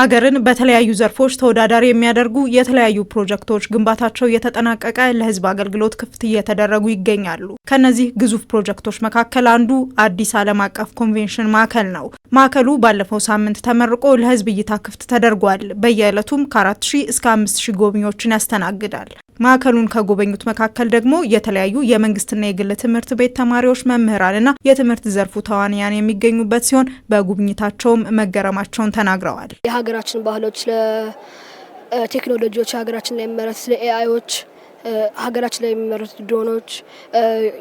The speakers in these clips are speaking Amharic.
ሀገርን በተለያዩ ዘርፎች ተወዳዳሪ የሚያደርጉ የተለያዩ ፕሮጀክቶች ግንባታቸው እየተጠናቀቀ ለሕዝብ አገልግሎት ክፍት እየተደረጉ ይገኛሉ። ከነዚህ ግዙፍ ፕሮጀክቶች መካከል አንዱ አዲስ ዓለም አቀፍ ኮንቬንሽን ማዕከል ነው። ማዕከሉ ባለፈው ሳምንት ተመርቆ ለሕዝብ እይታ ክፍት ተደርጓል። በየዕለቱም ከ ሺህ እስከ ሺ ጎብኚዎችን ያስተናግዳል። ማዕከሉን ከጎበኙት መካከል ደግሞ የተለያዩ የመንግስትና የግል ትምህርት ቤት ተማሪዎች፣ መምህራንና የትምህርት ዘርፉ ተዋንያን የሚገኙበት ሲሆን በጉብኝታቸውም መገረማቸውን ተናግረዋል። የሀገራችን ባህሎች፣ ለቴክኖሎጂዎች ሀገራችን ላይ የሚመረት ለኤአይዎች ሀገራችን ላይ የሚመረት ድሮኖች፣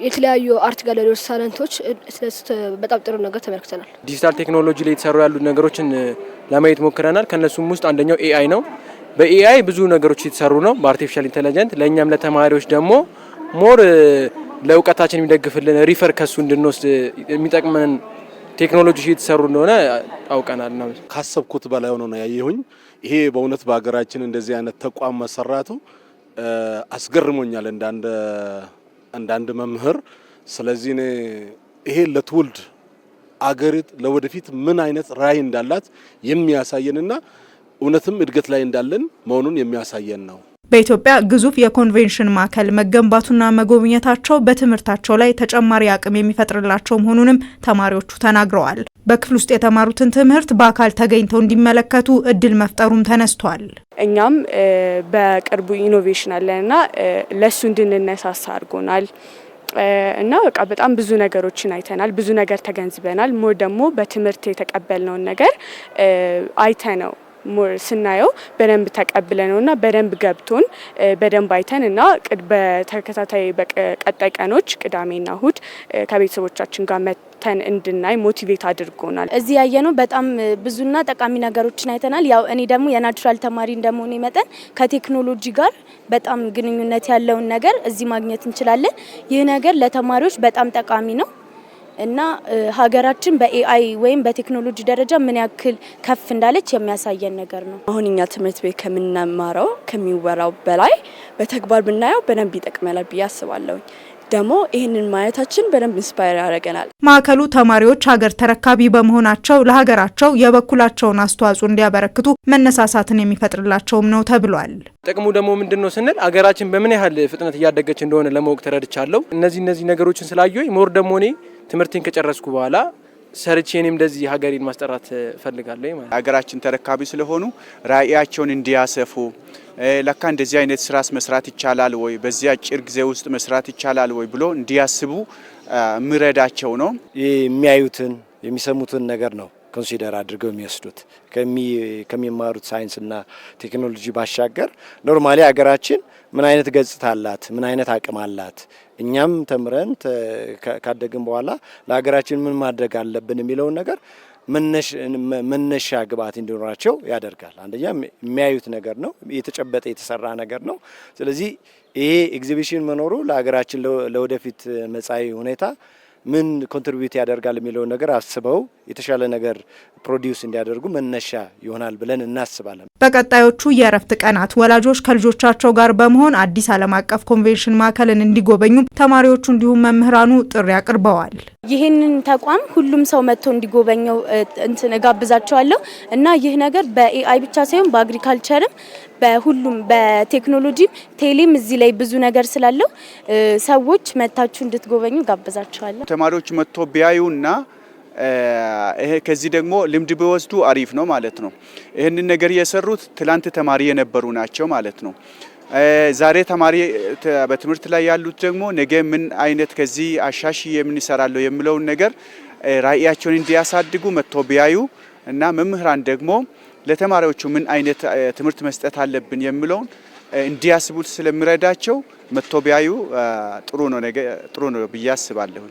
የተለያዩ አርት ጋለሪዎች፣ ሳለንቶች በጣም ጥሩ ነገር ተመልክተናል። ዲጂታል ቴክኖሎጂ ላይ የተሰሩ ያሉ ነገሮችን ለማየት ሞክረናል። ከእነሱም ውስጥ አንደኛው ኤአይ ነው። በኤአይ ብዙ ነገሮች እየተሰሩ ነው፣ በአርቲፊሻል ኢንቴሊጀንት ለእኛም ለተማሪዎች ደግሞ ሞር ለእውቀታችን የሚደግፍልን ሪፈር ከሱ እንድንወስድ የሚጠቅመን ቴክኖሎጂ እየተሰሩ እንደሆነ አውቀናል። ነው ካሰብኩት በላይ ሆኖ ነው ያየሁኝ። ይሄ በእውነት በሀገራችን እንደዚህ አይነት ተቋም መሰራቱ አስገርሞኛል እንዳንድ መምህር። ስለዚህ እኔ ይሄ ለትውልድ አገሪት ለወደፊት ምን አይነት ራዕይ እንዳላት የሚያሳየንና እውነትም እድገት ላይ እንዳለን መሆኑን የሚያሳየን ነው። በኢትዮጵያ ግዙፍ የኮንቬንሽን ማዕከል መገንባቱና መጎብኘታቸው በትምህርታቸው ላይ ተጨማሪ አቅም የሚፈጥርላቸው መሆኑንም ተማሪዎቹ ተናግረዋል። በክፍል ውስጥ የተማሩትን ትምህርት በአካል ተገኝተው እንዲመለከቱ እድል መፍጠሩም ተነስቷል። እኛም በቅርቡ ኢኖቬሽን አለንና ለእሱ እንድንነሳሳ አድርጎናል እና በቃ በጣም ብዙ ነገሮችን አይተናል፣ ብዙ ነገር ተገንዝበናል። ሞ ደግሞ በትምህርት የተቀበልነውን ነገር አይተ ነው ስናየው በደንብ ተቀብለነው እና በደንብ ገብቶን በደንብ አይተን እና በተከታታይ ቀጣይ ቀኖች ቅዳሜና እሁድ ከቤተሰቦቻችን ጋር መተን እንድናይ ሞቲቬት አድርጎናል። እዚህ ያየነው በጣም ብዙና ጠቃሚ ነገሮችን አይተናል። ያው እኔ ደግሞ የናቹራል ተማሪ እንደመሆኔ መጠን ከቴክኖሎጂ ጋር በጣም ግንኙነት ያለውን ነገር እዚህ ማግኘት እንችላለን። ይህ ነገር ለተማሪዎች በጣም ጠቃሚ ነው። እና ሀገራችን በኤአይ ወይም በቴክኖሎጂ ደረጃ ምን ያክል ከፍ እንዳለች የሚያሳየን ነገር ነው። አሁን እኛ ትምህርት ቤት ከምናማረው ከሚወራው በላይ በተግባር ብናየው በደንብ ይጠቅመናል ብዬ አስባለሁኝ። ደግሞ ይህንን ማየታችን በደንብ ኢንስፓየር ያደረገናል። ማዕከሉ ተማሪዎች ሀገር ተረካቢ በመሆናቸው ለሀገራቸው የበኩላቸውን አስተዋጽኦ እንዲያበረክቱ መነሳሳትን የሚፈጥርላቸውም ነው ተብሏል። ጥቅሙ ደግሞ ምንድን ነው ስንል ሀገራችን በምን ያህል ፍጥነት እያደገች እንደሆነ ለማወቅ ተረድቻለሁ። እነዚህ እነዚህ ነገሮችን ስላየ ሞር ደግሞ እኔ ትምህርቴን ከጨረስኩ በኋላ ሰርቼ እኔም እንደዚህ ሀገሬን ማስጠራት ፈልጋለሁ። ማለት ሀገራችን ተረካቢ ስለሆኑ ራዕያቸውን እንዲያሰፉ ለካ እንደዚህ አይነት ስራስ መስራት ይቻላል ወይ፣ በዚህ አጭር ጊዜ ውስጥ መስራት ይቻላል ወይ ብሎ እንዲያስቡ ምረዳቸው ነው። የሚያዩትን የሚሰሙትን ነገር ነው ኮንሲደር አድርገው የሚወስዱት ከሚማሩት ሳይንስና ቴክኖሎጂ ባሻገር ኖርማሊ ሀገራችን ምን አይነት ገጽታ አላት? ምን አይነት አቅም አላት? እኛም ተምረን ካደግን በኋላ ለሀገራችን ምን ማድረግ አለብን የሚለውን ነገር መነሻ ግብዓት እንዲኖራቸው ያደርጋል። አንደኛ የሚያዩት ነገር ነው፣ የተጨበጠ የተሰራ ነገር ነው። ስለዚህ ይሄ ኤግዚቢሽን መኖሩ ለሀገራችን ለወደፊት መጻኢ ሁኔታ ምን ኮንትሪቢዩት ያደርጋል የሚለውን ነገር አስበው የተሻለ ነገር ፕሮዲውስ እንዲያደርጉ መነሻ ይሆናል ብለን እናስባለን። በቀጣዮቹ የእረፍት ቀናት ወላጆች ከልጆቻቸው ጋር በመሆን አዲስ ዓለም አቀፍ ኮንቬንሽን ማዕከልን እንዲጎበኙ ተማሪዎቹ እንዲሁም መምህራኑ ጥሪ አቅርበዋል። ይህንን ተቋም ሁሉም ሰው መጥቶ እንዲጎበኘው እንትን እጋብዛቸዋለሁ እና ይህ ነገር በኤአይ ብቻ ሳይሆን በአግሪካልቸርም በሁሉም በቴክኖሎጂም ቴሌም እዚህ ላይ ብዙ ነገር ስላለው ሰዎች መታችሁ እንድትጎበኙ ጋብዛቸዋለሁ። ተማሪዎች መጥቶ ቢያዩና ይሄ ከዚህ ደግሞ ልምድ ቢወስዱ አሪፍ ነው ማለት ነው። ይህንን ነገር የሰሩት ትላንት ተማሪ የነበሩ ናቸው ማለት ነው። ዛሬ ተማሪ በትምህርት ላይ ያሉት ደግሞ ነገ ምን አይነት ከዚህ አሻሽ ምን የሚለውን ነገር ራዕያቸውን እንዲያሳድጉ መጥቶ ቢያዩ እና መምህራን ደግሞ ለተማሪዎቹ ምን አይነት ትምህርት መስጠት አለብን የሚለውን እንዲያስቡት ስለሚረዳቸው መጥቶ ቢያዩ ጥሩ ነው ብዬ አስባለሁ።